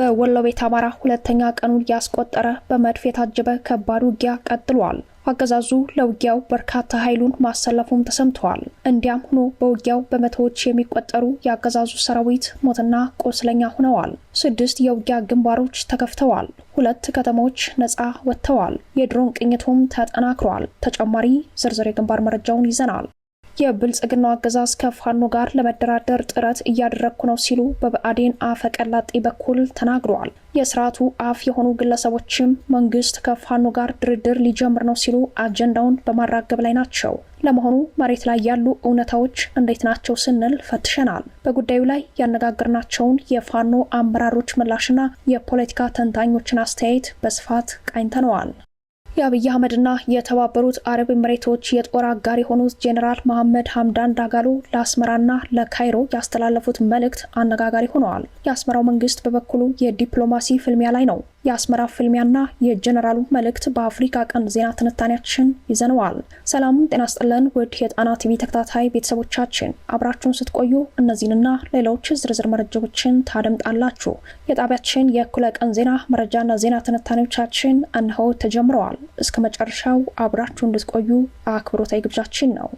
በወሎ ቤት አማራ ሁለተኛ ቀኑን እያስቆጠረ በመድፍ የታጀበ ከባድ ውጊያ ቀጥሏል። አገዛዙ ለውጊያው በርካታ ኃይሉን ማሰለፉም ተሰምተዋል። እንዲያም ሆኖ በውጊያው በመቶዎች የሚቆጠሩ የአገዛዙ ሰራዊት ሞትና ቆስለኛ ሆነዋል። ስድስት የውጊያ ግንባሮች ተከፍተዋል። ሁለት ከተሞች ነጻ ወጥተዋል። የድሮን ቅኝቱም ተጠናክሯል። ተጨማሪ ዝርዝር የግንባር መረጃውን ይዘናል። የብልጽግናው አገዛዝ ከፋኖ ጋር ለመደራደር ጥረት እያደረግኩ ነው ሲሉ በብአዴን አፈቀላጤ በኩል ተናግረዋል። የስርዓቱ አፍ የሆኑ ግለሰቦችም መንግስት ከፋኖ ጋር ድርድር ሊጀምር ነው ሲሉ አጀንዳውን በማራገብ ላይ ናቸው። ለመሆኑ መሬት ላይ ያሉ እውነታዎች እንዴት ናቸው ስንል ፈትሸናል። በጉዳዩ ላይ ያነጋገርናቸውን የፋኖ አመራሮች ምላሽና የፖለቲካ ተንታኞችን አስተያየት በስፋት ቃኝተነዋል። የአብይ አህመድና የተባበሩት አረብ ኤምሬቶች የጦር አጋር የሆኑት ጄኔራል መሐመድ ሀምዳን ዳጋሎ ለአስመራና ለካይሮ ያስተላለፉት መልእክት አነጋጋሪ ሆነዋል። የአስመራው መንግስት በበኩሉ የዲፕሎማሲ ፍልሚያ ላይ ነው። የአስመራ ፍልሚያና የጀነራሉ መልእክት በአፍሪካ ቀንድ ዜና ትንታኔያችን ይዘነዋል። ሰላም ጤና ስጥለን ውድ የጣና ቲቪ ተከታታይ ቤተሰቦቻችን አብራችሁን ስትቆዩ እነዚህንና ሌሎች ዝርዝር መረጃዎችን ታደምጣላችሁ። የጣቢያችን የእኩለ ቀን ዜና መረጃና ዜና ትንታኔዎቻችን እነሆ ተጀምረዋል። እስከ መጨረሻው አብራችሁ እንድትቆዩ አክብሮታዊ ግብዣችን ነው።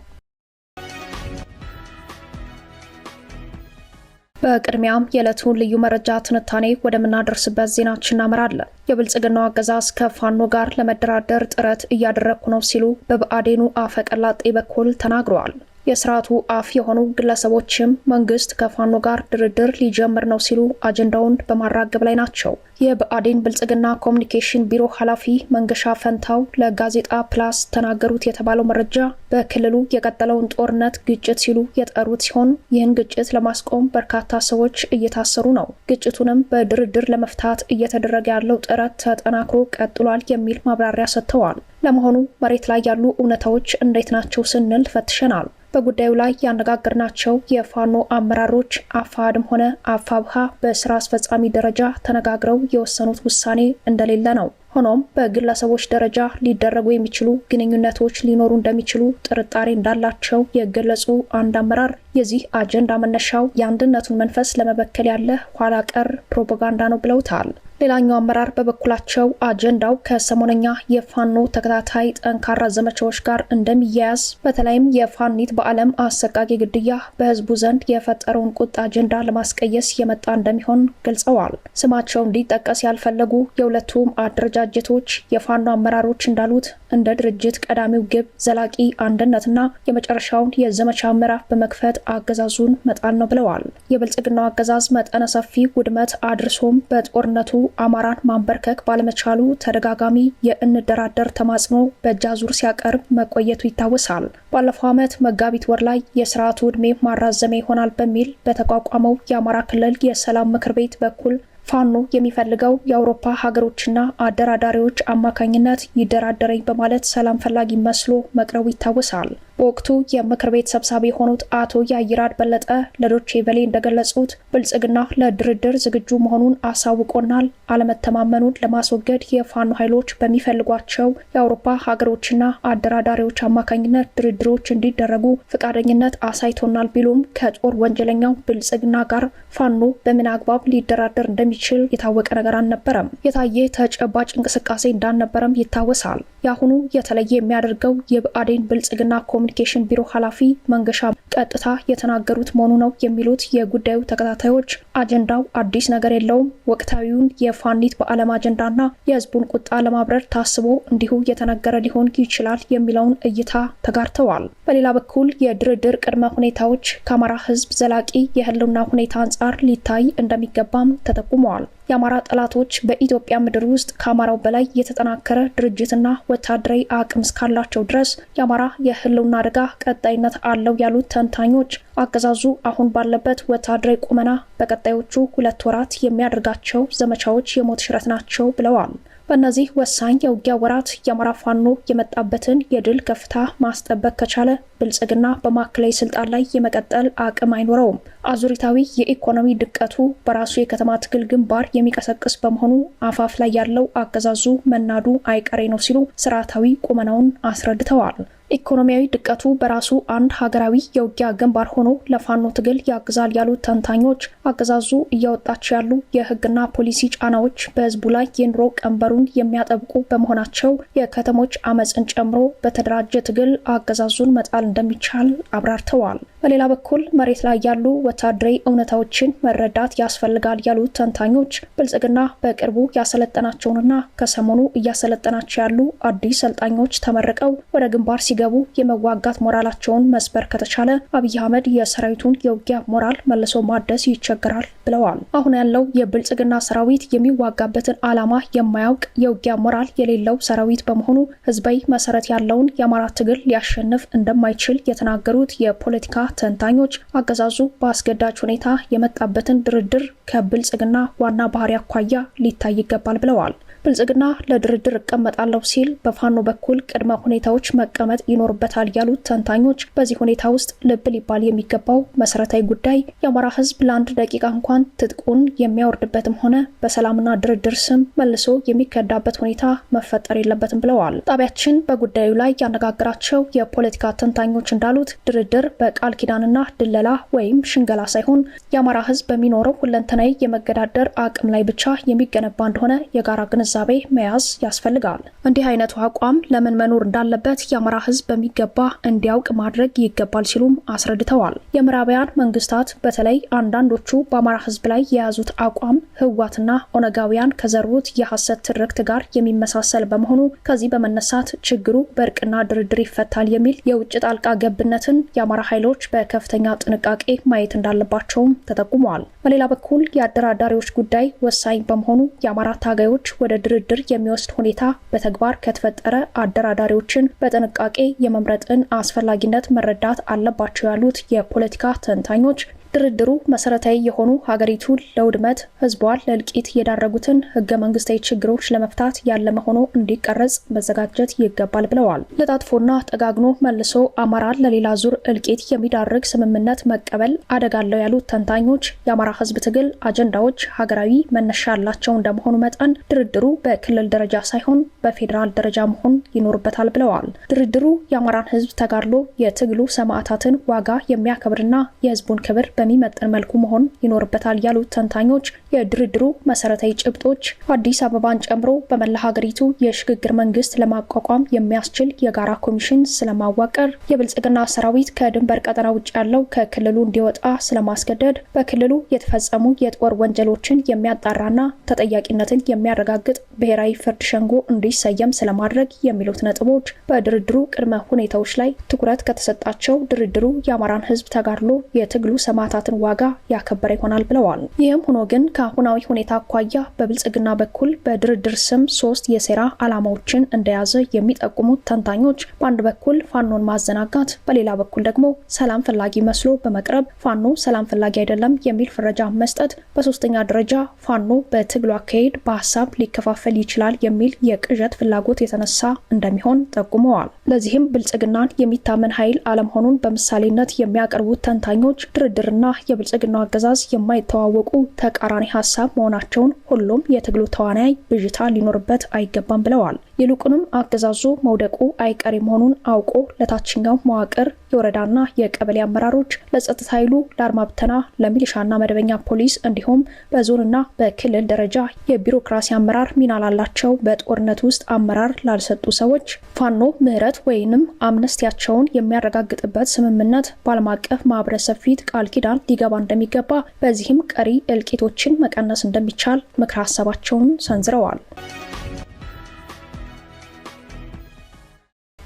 በቅድሚያም የዕለቱን ልዩ መረጃ ትንታኔ ወደምናደርስበት ዜናችን እናመራለን። የብልጽግናው አገዛዝ ከፋኖ ጋር ለመደራደር ጥረት እያደረግኩ ነው ሲሉ በብአዴኑ አፈቀላጤ በኩል ተናግረዋል። የስርዓቱ አፍ የሆኑ ግለሰቦችም መንግስት ከፋኖ ጋር ድርድር ሊጀምር ነው ሲሉ አጀንዳውን በማራገብ ላይ ናቸው። የብአዴን ብልጽግና ኮሚኒኬሽን ቢሮ ኃላፊ መንገሻ ፈንታው ለጋዜጣ ፕላስ ተናገሩት የተባለው መረጃ በክልሉ የቀጠለውን ጦርነት ግጭት ሲሉ የጠሩት ሲሆን ይህን ግጭት ለማስቆም በርካታ ሰዎች እየታሰሩ ነው። ግጭቱንም በድርድር ለመፍታት እየተደረገ ያለው ጥረት ተጠናክሮ ቀጥሏል የሚል ማብራሪያ ሰጥተዋል። ለመሆኑ መሬት ላይ ያሉ እውነታዎች እንዴት ናቸው ስንል ፈትሸናል። በጉዳዩ ላይ ያነጋገርናቸው የፋኖ አመራሮች አፋድም ሆነ አፋብሃ በስራ አስፈጻሚ ደረጃ ተነጋግረው የወሰኑት ውሳኔ እንደሌለ ነው። ሆኖም በግለሰቦች ደረጃ ሊደረጉ የሚችሉ ግንኙነቶች ሊኖሩ እንደሚችሉ ጥርጣሬ እንዳላቸው የገለጹ አንድ አመራር የዚህ አጀንዳ መነሻው የአንድነቱን መንፈስ ለመበከል ያለ ኋላ ቀር ፕሮፓጋንዳ ነው ብለውታል። ሌላኛው አመራር በበኩላቸው አጀንዳው ከሰሞነኛ የፋኖ ተከታታይ ጠንካራ ዘመቻዎች ጋር እንደሚያያዝ በተለይም የፋኒት በዓለም አሰቃቂ ግድያ በህዝቡ ዘንድ የፈጠረውን ቁጣ አጀንዳ ለማስቀየስ የመጣ እንደሚሆን ገልጸዋል። ስማቸው እንዲጠቀስ ያልፈለጉ የሁለቱም አደረጃጀቶች የፋኖ አመራሮች እንዳሉት እንደ ድርጅት ቀዳሚው ግብ ዘላቂ አንድነትና የመጨረሻውን የዘመቻ ምዕራፍ በመክፈት አገዛዙን መጣል ነው ብለዋል። የብልጽግናው አገዛዝ መጠነ ሰፊ ውድመት አድርሶም በጦርነቱ አማራን ማንበርከክ ባለመቻሉ ተደጋጋሚ የእንደራደር ተማጽኖ በጃዙር ሲያቀርብ መቆየቱ ይታወሳል። ባለፈው ዓመት መጋቢት ወር ላይ የስርዓቱ ዕድሜ ማራዘሚያ ይሆናል በሚል በተቋቋመው የአማራ ክልል የሰላም ምክር ቤት በኩል ፋኖ የሚፈልገው የአውሮፓ ሀገሮችና አደራዳሪዎች አማካኝነት ይደራደረኝ በማለት ሰላም ፈላጊ መስሎ መቅረቡ ይታወሳል። በወቅቱ የምክር ቤት ሰብሳቢ የሆኑት አቶ ያይራድ በለጠ ለዶቼ ቬሌ እንደገለጹት ብልጽግና ለድርድር ዝግጁ መሆኑን አሳውቆናል። አለመተማመኑን ለማስወገድ የፋኖ ኃይሎች በሚፈልጓቸው የአውሮፓ ሀገሮችና አደራዳሪዎች አማካኝነት ድርድሮች እንዲደረጉ ፈቃደኝነት አሳይቶናል ቢሉም ከጦር ወንጀለኛው ብልጽግና ጋር ፋኖ በምን አግባብ ሊደራደር እንደሚችል የታወቀ ነገር አልነበረም። የታየ ተጨባጭ እንቅስቃሴ እንዳልነበረም ይታወሳል። የአሁኑ የተለየ የሚያደርገው የብአዴን ብልጽግና ኮሚኒኬሽን ቢሮ ኃላፊ መንገሻ ቀጥታ የተናገሩት መሆኑ ነው የሚሉት የጉዳዩ ተከታታዮች አጀንዳው አዲስ ነገር የለውም፣ ወቅታዊውን የፋኒት በዓለም አጀንዳና የህዝቡን ቁጣ ለማብረር ታስቦ እንዲሁ የተነገረ ሊሆን ይችላል የሚለውን እይታ ተጋርተዋል። በሌላ በኩል የድርድር ቅድመ ሁኔታዎች ከአማራ ህዝብ ዘላቂ የህልውና ሁኔታ አንጻር ሊታይ እንደሚገባም ተጠቁመዋል። የአማራ ጠላቶች በኢትዮጵያ ምድር ውስጥ ከአማራው በላይ የተጠናከረ ድርጅትና ወታደራዊ አቅም እስካላቸው ድረስ የአማራ የህልውና አደጋ ቀጣይነት አለው ያሉት ተንታኞች አገዛዙ አሁን ባለበት ወታደራዊ ቁመና በቀጣዮቹ ሁለት ወራት የሚያደርጋቸው ዘመቻዎች የሞት ሽረት ናቸው ብለዋል። በእነዚህ ወሳኝ የውጊያ ወራት የአማራ ፋኖ የመጣበትን የድል ከፍታ ማስጠበቅ ከቻለ ብልጽግና በማዕከላዊ ስልጣን ላይ የመቀጠል አቅም አይኖረውም። አዙሪታዊ የኢኮኖሚ ድቀቱ በራሱ የከተማ ትግል ግንባር የሚቀሰቅስ በመሆኑ አፋፍ ላይ ያለው አገዛዙ መናዱ አይቀሬ ነው ሲሉ ስርዓታዊ ቁመናውን አስረድተዋል። ኢኮኖሚያዊ ድቀቱ በራሱ አንድ ሀገራዊ የውጊያ ግንባር ሆኖ ለፋኖ ትግል ያግዛል ያሉት ተንታኞች አገዛዙ እያወጣቸው ያሉ የሕግና ፖሊሲ ጫናዎች በህዝቡ ላይ የኑሮ ቀንበሩን የሚያጠብቁ በመሆናቸው የከተሞች አመፅን ጨምሮ በተደራጀ ትግል አገዛዙን መጣል እንደሚቻል አብራርተዋል። በሌላ በኩል መሬት ላይ ያሉ ወታደራዊ እውነታዎችን መረዳት ያስፈልጋል ያሉት ተንታኞች ብልጽግና በቅርቡ ያሰለጠናቸውንና ከሰሞኑ እያሰለጠናቸው ያሉ አዲስ ሰልጣኞች ተመርቀው ወደ ግንባር ሲገቡ የመዋጋት ሞራላቸውን መስበር ከተቻለ አብይ አህመድ የሰራዊቱን የውጊያ ሞራል መልሶ ማደስ ይቸገራል ብለዋል። አሁን ያለው የብልጽግና ሰራዊት የሚዋጋበትን ዓላማ የማያውቅ የውጊያ ሞራል የሌለው ሰራዊት በመሆኑ ህዝባዊ መሰረት ያለውን የአማራ ትግል ሊያሸንፍ እንደማይችል የተናገሩት የፖለቲካ ተንታኞች አገዛዙ በአስገዳጅ ሁኔታ የመጣበትን ድርድር ከብልጽግና ዋና ባህሪ አኳያ ሊታይ ይገባል ብለዋል። ብልጽግና ለድርድር እቀመጣለሁ ሲል በፋኖ በኩል ቅድመ ሁኔታዎች መቀመጥ ይኖርበታል ያሉት ተንታኞች በዚህ ሁኔታ ውስጥ ልብ ሊባል የሚገባው መሰረታዊ ጉዳይ የአማራ ሕዝብ ለአንድ ደቂቃ እንኳን ትጥቁን የሚያወርድበትም ሆነ በሰላምና ድርድር ስም መልሶ የሚከዳበት ሁኔታ መፈጠር የለበትም ብለዋል። ጣቢያችን በጉዳዩ ላይ ያነጋግራቸው የፖለቲካ ተንታኞች እንዳሉት ድርድር በቃል ኪዳንና ድለላ ወይም ሽንገላ ሳይሆን የአማራ ሕዝብ በሚኖረው ሁለንተናዊ የመገዳደር አቅም ላይ ብቻ የሚገነባ እንደሆነ የጋራ ግንዛ ግንዛቤ መያዝ ያስፈልጋል። እንዲህ አይነቱ አቋም ለምን መኖር እንዳለበት የአማራ ሕዝብ በሚገባ እንዲያውቅ ማድረግ ይገባል ሲሉም አስረድተዋል። የምዕራባውያን መንግስታት በተለይ አንዳንዶቹ በአማራ ሕዝብ ላይ የያዙት አቋም ህዋትና ኦነጋውያን ከዘሩት የሐሰት ትርክት ጋር የሚመሳሰል በመሆኑ ከዚህ በመነሳት ችግሩ በእርቅና ድርድር ይፈታል የሚል የውጭ ጣልቃ ገብነትን የአማራ ኃይሎች በከፍተኛ ጥንቃቄ ማየት እንዳለባቸውም ተጠቁመዋል። በሌላ በኩል የአደራዳሪዎች ጉዳይ ወሳኝ በመሆኑ የአማራ ታጋዮች ወደ ድርድር የሚወስድ ሁኔታ በተግባር ከተፈጠረ አደራዳሪዎችን በጥንቃቄ የመምረጥን አስፈላጊነት መረዳት አለባቸው ያሉት የፖለቲካ ተንታኞች ድርድሩ መሰረታዊ የሆኑ ሀገሪቱን ለውድመት ህዝቧን ለእልቂት የዳረጉትን ህገ መንግስታዊ ችግሮች ለመፍታት ያለ መሆኑ እንዲቀረጽ መዘጋጀት ይገባል ብለዋል። ለጣጥፎና ጠጋግኖ መልሶ አማራን ለሌላ ዙር እልቂት የሚዳርግ ስምምነት መቀበል አደጋለው ያሉት ተንታኞች የአማራ ህዝብ ትግል አጀንዳዎች ሀገራዊ መነሻ ያላቸው እንደመሆኑ መጠን ድርድሩ በክልል ደረጃ ሳይሆን በፌዴራል ደረጃ መሆን ይኖርበታል ብለዋል። ድርድሩ የአማራን ህዝብ ተጋድሎ የትግሉ ሰማዕታትን ዋጋ የሚያከብርና የህዝቡን ክብር በሚመጥን መልኩ መሆን ይኖርበታል ያሉት ተንታኞች የድርድሩ መሰረታዊ ጭብጦች አዲስ አበባን ጨምሮ በመላ ሀገሪቱ የሽግግር መንግስት ለማቋቋም የሚያስችል የጋራ ኮሚሽን ስለማዋቀር፣ የብልጽግና ሰራዊት ከድንበር ቀጠና ውጭ ያለው ከክልሉ እንዲወጣ ስለማስገደድ፣ በክልሉ የተፈጸሙ የጦር ወንጀሎችን የሚያጣራና ተጠያቂነትን የሚያረጋግጥ ብሔራዊ ፍርድ ሸንጎ እንዲሰየም ስለማድረግ የሚሉት ነጥቦች በድርድሩ ቅድመ ሁኔታዎች ላይ ትኩረት ከተሰጣቸው ድርድሩ የአማራን ህዝብ ተጋድሎ የትግሉ ሰማ የሰማዕታትን ዋጋ ያከበረ ይሆናል ብለዋል። ይህም ሆኖ ግን ከአሁናዊ ሁኔታ አኳያ በብልጽግና በኩል በድርድር ስም ሶስት የሴራ ዓላማዎችን እንደያዘ የሚጠቁሙት ተንታኞች በአንድ በኩል ፋኖን ማዘናጋት፣ በሌላ በኩል ደግሞ ሰላም ፈላጊ መስሎ በመቅረብ ፋኖ ሰላም ፈላጊ አይደለም የሚል ፍረጃ መስጠት፣ በሶስተኛ ደረጃ ፋኖ በትግሉ አካሄድ በሀሳብ ሊከፋፈል ይችላል የሚል የቅዠት ፍላጎት የተነሳ እንደሚሆን ጠቁመዋል። ለዚህም ብልጽግናን የሚታመን ኃይል አለመሆኑን በምሳሌነት የሚያቀርቡት ተንታኞች ድርድርና እና የብልጽግናው አገዛዝ የማይተዋወቁ ተቃራኒ ሀሳብ መሆናቸውን ሁሉም የትግሉ ተዋናይ ብዥታ ሊኖርበት አይገባም ብለዋል። ይልቁንም አገዛዙ መውደቁ አይቀሬ መሆኑን አውቆ ለታችኛው መዋቅር የወረዳና የቀበሌ አመራሮች ለጸጥታ ኃይሉ፣ ለአርማ ብተና፣ ለሚሊሻና መደበኛ ፖሊስ እንዲሁም በዞንና በክልል ደረጃ የቢሮክራሲ አመራር ሚና ላላቸው በጦርነት ውስጥ አመራር ላልሰጡ ሰዎች ፋኖ ምህረት ወይንም አምነስቲያቸውን የሚያረጋግጥበት ስምምነት በዓለም አቀፍ ማህበረሰብ ፊት ቃል ኪዳን ሊገባ እንደሚገባ፣ በዚህም ቀሪ እልቂቶችን መቀነስ እንደሚቻል ምክረ ሀሳባቸውን ሰንዝረዋል።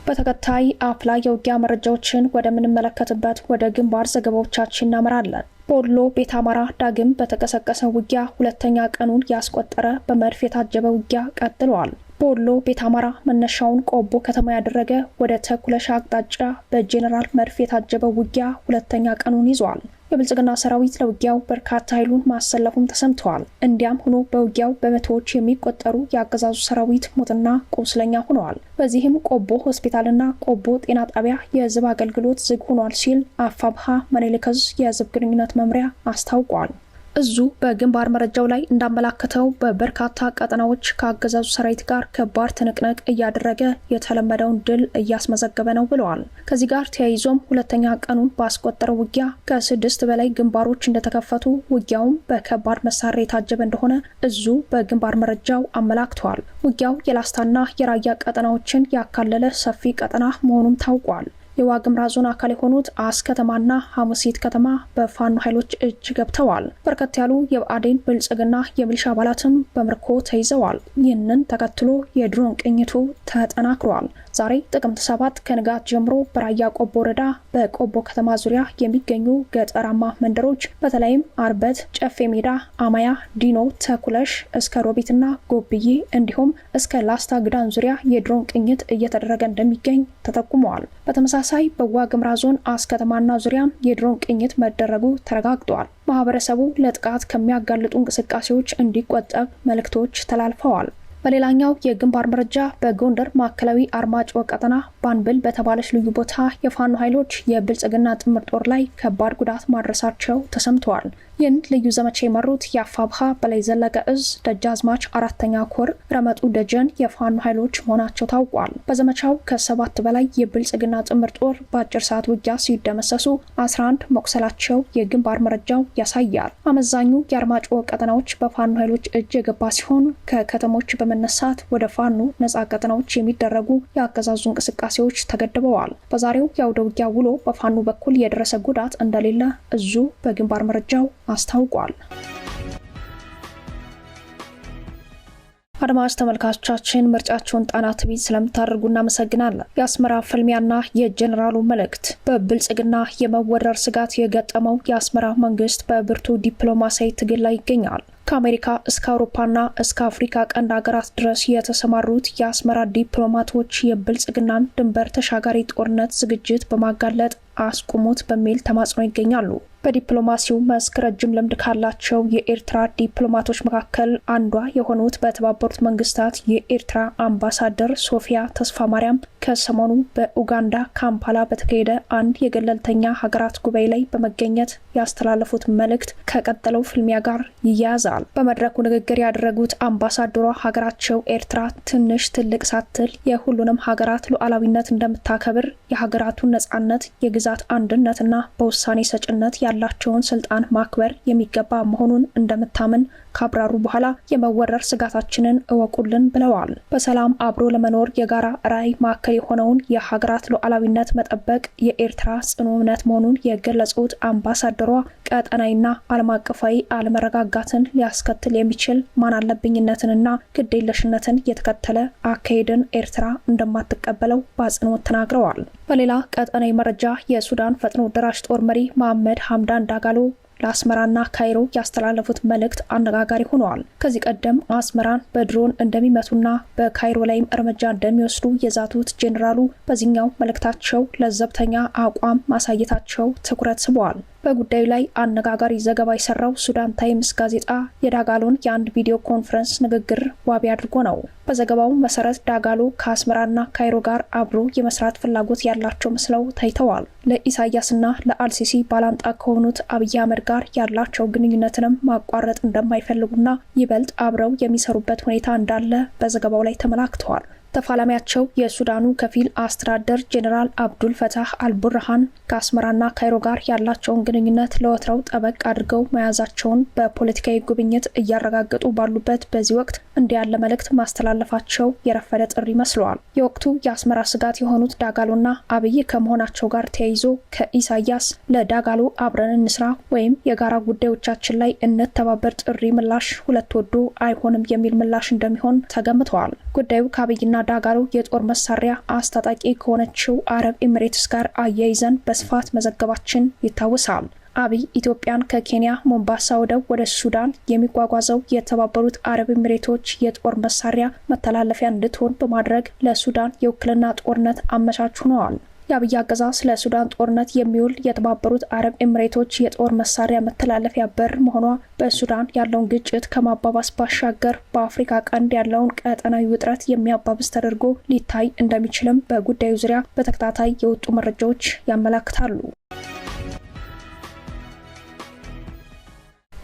በተከታይ አፍላ የውጊያ መረጃዎችን ወደምንመለከትበት ወደ ግንባር ዘገባዎቻችን እናመራለን። በወሎ ቤት አማራ ዳግም በተቀሰቀሰ ውጊያ ሁለተኛ ቀኑን ያስቆጠረ በመድፍ የታጀበ ውጊያ ቀጥሏል። በወሎ ቤት አማራ መነሻውን ቆቦ ከተማ ያደረገ ወደ ተኩለሻ አቅጣጫ በጄኔራል መድፍ የታጀበ ውጊያ ሁለተኛ ቀኑን ይዟል። የብልጽግና ሰራዊት ለውጊያው በርካታ ኃይሉን ማሰለፉም ተሰምተዋል። እንዲያም ሆኖ በውጊያው በመቶዎች የሚቆጠሩ የአገዛዙ ሰራዊት ሞትና ቁስለኛ ሆነዋል። በዚህም ቆቦ ሆስፒታልና ቆቦ ጤና ጣቢያ የህዝብ አገልግሎት ዝግ ሆኗል ሲል አፋብሃ መኔልከዝ የህዝብ ግንኙነት መምሪያ አስታውቋል። እዙ በግንባር መረጃው ላይ እንዳመላከተው በበርካታ ቀጠናዎች ከአገዛዙ ሰራዊት ጋር ከባድ ትንቅንቅ እያደረገ የተለመደውን ድል እያስመዘገበ ነው ብለዋል። ከዚህ ጋር ተያይዞም ሁለተኛ ቀኑን ባስቆጠረው ውጊያ ከስድስት በላይ ግንባሮች እንደተከፈቱ ውጊያውም በከባድ መሳሪያ የታጀበ እንደሆነ እዙ በግንባር መረጃው አመላክተዋል። ውጊያው የላስታና የራያ ቀጠናዎችን ያካለለ ሰፊ ቀጠና መሆኑም ታውቋል። የዋግምራ ዞን አካል የሆኑት አስ ከተማና ሐሙሲት ከተማ በፋኖ ኃይሎች እጅ ገብተዋል። በርከት ያሉ የብአዴን ብልጽግና የሚሊሻ አባላትም በምርኮ ተይዘዋል። ይህንን ተከትሎ የድሮን ቅኝቱ ተጠናክሯል። ዛሬ ጥቅምት ሰባት ከንጋት ጀምሮ በራያ ቆቦ ወረዳ በቆቦ ከተማ ዙሪያ የሚገኙ ገጠራማ መንደሮች በተለይም አርበት፣ ጨፌ ሜዳ፣ አማያ፣ ዲኖ፣ ተኩለሽ እስከ ሮቢትና ጎብዬ እንዲሁም እስከ ላስታ ግዳን ዙሪያ የድሮን ቅኝት እየተደረገ እንደሚገኝ ተጠቁመዋል። በተመሳሳይ በዋ ግምራ ዞን አስከተማና ዙሪያ የድሮን ቅኝት መደረጉ ተረጋግጧል። ማህበረሰቡ ለጥቃት ከሚያጋልጡ እንቅስቃሴዎች እንዲቆጠብ መልእክቶች ተላልፈዋል። በሌላኛው የግንባር መረጃ በጎንደር ማዕከላዊ አርማጭ ወቀጠና ባንብል በተባለች ልዩ ቦታ የፋኖ ኃይሎች የብልጽግና ጥምር ጦር ላይ ከባድ ጉዳት ማድረሳቸው ተሰምተዋል። ይህን ልዩ ዘመቻ የመሩት የአፋብሃ በላይ ዘለቀ እዝ ደጃዝማች አራተኛ ኮር ረመጡ ደጀን የፋኖ ኃይሎች መሆናቸው ታውቋል። በዘመቻው ከሰባት በላይ የብልጽግና ጥምር ጦር በአጭር ሰዓት ውጊያ ሲደመሰሱ 11 መቁሰላቸው የግንባር መረጃው ያሳያል። አመዛኙ የአርማጭሆ ቀጠናዎች በፋኖ ኃይሎች እጅ የገባ ሲሆን ከከተሞች በመነሳት ወደ ፋኖ ነጻ ቀጠናዎች የሚደረጉ የአገዛዙ እንቅስቃሴዎች ተገድበዋል። በዛሬው የአውደ ውጊያ ውሎ በፋኖ በኩል የደረሰ ጉዳት እንደሌለ እዙ በግንባር መረጃው አስታውቋል። አድማጭ ተመልካቾቻችን ምርጫቸውን ጣና ቲቪ ስለምታደርጉ እናመሰግናለን። የአስመራ ፍልሚያና የጀኔራሉ መልእክት። በብልጽግና የመወረር ስጋት የገጠመው የአስመራ መንግስት በብርቱ ዲፕሎማሲያዊ ትግል ላይ ይገኛል። ከአሜሪካ እስከ አውሮፓና እስከ አፍሪካ ቀንድ ሀገራት ድረስ የተሰማሩት የአስመራ ዲፕሎማቶች የብልጽግናን ድንበር ተሻጋሪ ጦርነት ዝግጅት በማጋለጥ አስቁሙት በሚል ተማጽኖ ይገኛሉ። በዲፕሎማሲው መስክ ረጅም ልምድ ካላቸው የኤርትራ ዲፕሎማቶች መካከል አንዷ የሆኑት በተባበሩት መንግስታት የኤርትራ አምባሳደር ሶፊያ ተስፋ ማርያም ከሰሞኑ በኡጋንዳ ካምፓላ በተካሄደ አንድ የገለልተኛ ሀገራት ጉባኤ ላይ በመገኘት ያስተላለፉት መልእክት ከቀጠለው ፍልሚያ ጋር ይያያዛል። በመድረኩ ንግግር ያደረጉት አምባሳደሯ ሀገራቸው ኤርትራ ትንሽ ትልቅ ሳትል የሁሉንም ሀገራት ሉዓላዊነት እንደምታከብር የሀገራቱን ነጻነት የግ የግዛት አንድነትና በውሳኔ ሰጭነት ያላቸውን ስልጣን ማክበር የሚገባ መሆኑን እንደምታምን ካብራሩ በኋላ የመወረር ስጋታችንን እወቁልን ብለዋል። በሰላም አብሮ ለመኖር የጋራ ራዕይ ማዕከል የሆነውን የሀገራት ሉዓላዊነት መጠበቅ የኤርትራ ጽኑ እምነት መሆኑን የገለጹት አምባሳደሯ ቀጠናዊና ዓለም አቀፋዊ አለመረጋጋትን ሊያስከትል የሚችል ማናለብኝነትንና ግዴለሽነትን የተከተለ አካሄድን ኤርትራ እንደማትቀበለው በአጽንኦት ተናግረዋል። በሌላ ቀጠናዊ መረጃ የሱዳን ፈጥኖ ደራሽ ጦር መሪ መሐመድ ሀምዳን ዳጋሎ ለአስመራና ካይሮ ያስተላለፉት መልእክት አነጋጋሪ ሆነዋል። ከዚህ ቀደም አስመራን በድሮን እንደሚመቱና በካይሮ ላይም እርምጃ እንደሚወስዱ የዛቱት ጄኔራሉ በዚህኛው መልእክታቸው ለዘብተኛ አቋም ማሳየታቸው ትኩረት ስበዋል። በጉዳዩ ላይ አነጋጋሪ ዘገባ የሰራው ሱዳን ታይምስ ጋዜጣ የዳጋሎን የአንድ ቪዲዮ ኮንፈረንስ ንግግር ዋቢ አድርጎ ነው። በዘገባው መሰረት ዳጋሎ ከአስመራና ካይሮ ጋር አብሮ የመስራት ፍላጎት ያላቸው መስለው ታይተዋል። ለኢሳያስና ለአልሲሲ ባላንጣ ከሆኑት አብይ አህመድ ጋር ያላቸው ግንኙነትንም ማቋረጥ እንደማይፈልጉና ይበልጥ አብረው የሚሰሩበት ሁኔታ እንዳለ በዘገባው ላይ ተመላክተዋል። ተፋላሚያቸው የሱዳኑ ከፊል አስተዳደር ጄኔራል አብዱል ፈታህ አልቡርሃን ከአስመራና ካይሮ ጋር ያላቸውን ግንኙነት ለወትረው ጠበቅ አድርገው መያዛቸውን በፖለቲካዊ ጉብኝት እያረጋገጡ ባሉበት በዚህ ወቅት እንዲህ ያለ መልእክት ማስተላለፋቸው የረፈደ ጥሪ መስለዋል። የወቅቱ የአስመራ ስጋት የሆኑት ዳጋሎና አብይ ከመሆናቸው ጋር ተያይዞ ከኢሳያስ ለዳጋሎ አብረን እንስራ ወይም የጋራ ጉዳዮቻችን ላይ እንተባበር ጥሪ ምላሽ ሁለት ወዶ አይሆንም የሚል ምላሽ እንደሚሆን ተገምተዋል። ጉዳዩ ከአብይና ዳጋሎ የጦር መሳሪያ አስታጣቂ ከሆነችው አረብ ኤምሬትስ ጋር አያይዘን በስፋት መዘገባችን ይታወሳል። አብይ ኢትዮጵያን ከኬንያ ሞምባሳ ወደብ ወደ ሱዳን የሚጓጓዘው የተባበሩት አረብ ኤምሬቶች የጦር መሳሪያ መተላለፊያ እንድትሆን በማድረግ ለሱዳን የውክልና ጦርነት አመቻች ሆነዋል። የአብይ አገዛዝ ለሱዳን ጦርነት የሚውል የተባበሩት አረብ ኤምሬቶች የጦር መሳሪያ መተላለፊያ በር መሆኗ በሱዳን ያለውን ግጭት ከማባባስ ባሻገር በአፍሪካ ቀንድ ያለውን ቀጠናዊ ውጥረት የሚያባብስ ተደርጎ ሊታይ እንደሚችልም በጉዳዩ ዙሪያ በተከታታይ የወጡ መረጃዎች ያመላክታሉ።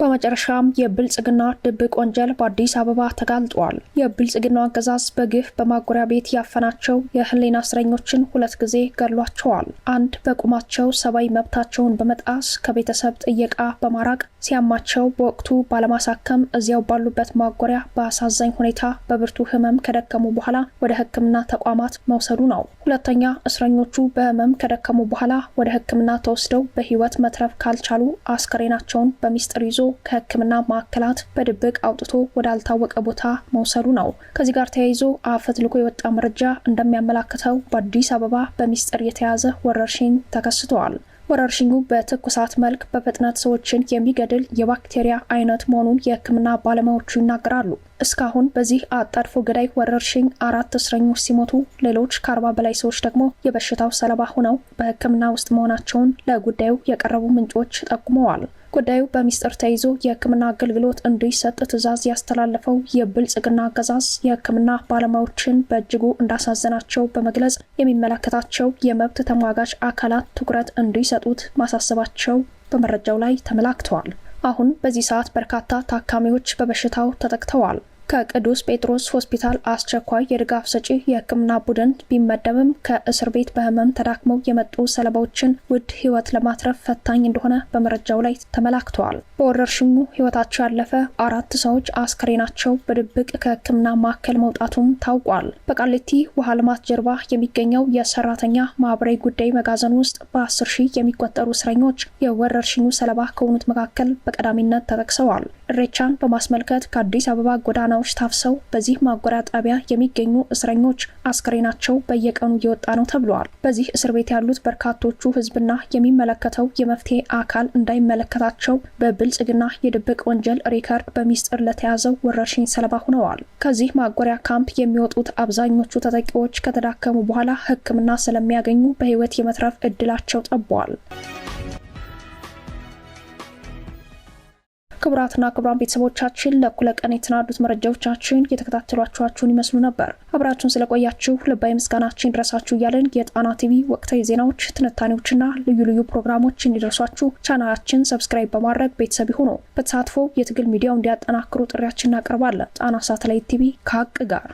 በመጨረሻም የብልጽግና ድብቅ ወንጀል በአዲስ አበባ ተጋልጧል። የብልጽግናው አገዛዝ በግፍ በማጎሪያ ቤት ያፈናቸው የህሊና እስረኞችን ሁለት ጊዜ ገድሏቸዋል። አንድ በቁማቸው ሰብአዊ መብታቸውን በመጣስ ከቤተሰብ ጥየቃ በማራቅ ሲያማቸው በወቅቱ ባለማሳከም እዚያው ባሉበት ማጎሪያ በአሳዛኝ ሁኔታ በብርቱ ህመም ከደከሙ በኋላ ወደ ሕክምና ተቋማት መውሰዱ ነው። ሁለተኛ እስረኞቹ በህመም ከደከሙ በኋላ ወደ ሕክምና ተወስደው በህይወት መትረፍ ካልቻሉ አስከሬናቸውን በሚስጥር ይዞ ከሕክምና ማዕከላት በድብቅ አውጥቶ ወዳልታወቀ ቦታ መውሰዱ ነው። ከዚህ ጋር ተያይዞ አፈት ልኮ የወጣ መረጃ እንደሚያመላክተው በአዲስ አበባ በሚስጥር የተያዘ ወረርሽኝ ተከስተዋል። ወረርሽኙ በትኩሳት መልክ በፍጥነት ሰዎችን የሚገድል የባክቴሪያ አይነት መሆኑን የሕክምና ባለሙያዎቹ ይናገራሉ። እስካሁን በዚህ አጣድፎ ገዳይ ወረርሽኝ አራት እስረኞች ሲሞቱ ሌሎች ከአርባ በላይ ሰዎች ደግሞ የበሽታው ሰለባ ሆነው በሕክምና ውስጥ መሆናቸውን ለጉዳዩ የቀረቡ ምንጮች ጠቁመዋል። ጉዳዩ በሚስጥር ተይዞ የሕክምና አገልግሎት እንዲሰጥ ትዕዛዝ ያስተላለፈው የብልጽግና አገዛዝ የሕክምና ባለሙያዎችን በእጅጉ እንዳሳዘናቸው በመግለጽ የሚመለከታቸው የመብት ተሟጋች አካላት ትኩረት እንዲሰጡት ማሳሰባቸው በመረጃው ላይ ተመላክተዋል። አሁን በዚህ ሰዓት በርካታ ታካሚዎች በበሽታው ተጠቅተዋል። ከቅዱስ ጴጥሮስ ሆስፒታል አስቸኳይ የድጋፍ ሰጪ የሕክምና ቡድን ቢመደብም ከእስር ቤት በህመም ተዳክመው የመጡ ሰለባዎችን ውድ ህይወት ለማትረፍ ፈታኝ እንደሆነ በመረጃው ላይ ተመላክተዋል። በወረርሽኙ ህይወታቸው ያለፈ አራት ሰዎች አስከሬናቸው በድብቅ ከሕክምና ማዕከል መውጣቱም ታውቋል። በቃሊቲ ውሃ ልማት ጀርባ የሚገኘው የሰራተኛ ማህበራዊ ጉዳይ መጋዘን ውስጥ በአስር ሺህ የሚቆጠሩ እስረኞች የወረርሽኙ ሰለባ ከሆኑት መካከል በቀዳሚነት ተጠቅሰዋል። እሬቻን በማስመልከት ከአዲስ አበባ ጎዳናዎች ታፍሰው በዚህ ማጎሪያ ጣቢያ የሚገኙ እስረኞች አስክሬናቸው በየቀኑ እየወጣ ነው ተብለዋል። በዚህ እስር ቤት ያሉት በርካቶቹ ህዝብና የሚመለከተው የመፍትሄ አካል እንዳይመለከታቸው በብልጽግና የድብቅ ወንጀል ሪከርድ በሚስጥር ለተያዘው ወረርሽኝ ሰለባ ሆነዋል። ከዚህ ማጎሪያ ካምፕ የሚወጡት አብዛኞቹ ተጠቂዎች ከተዳከሙ በኋላ ሕክምና ስለሚያገኙ በህይወት የመትረፍ እድላቸው ጠቧል። ክቡራትና ክቡራን ቤተሰቦቻችን ለእኩለ ቀን የተናዱት መረጃዎቻችን እየተከታተሏችኋችሁን ይመስሉ ነበር። አብራችሁን ስለቆያችሁ ልባዊ ምስጋናችን ድረሳችሁ እያለን የጣና ቲቪ ወቅታዊ ዜናዎች፣ ትንታኔዎችና ልዩ ልዩ ፕሮግራሞች እንዲደርሷችሁ ቻናላችን ሰብስክራይብ በማድረግ ቤተሰብ ይሁኑ። በተሳትፎ የትግል ሚዲያው እንዲያጠናክሩ ጥሪያችን እናቀርባለን። ጣና ሳተላይት ቲቪ ከሀቅ ጋር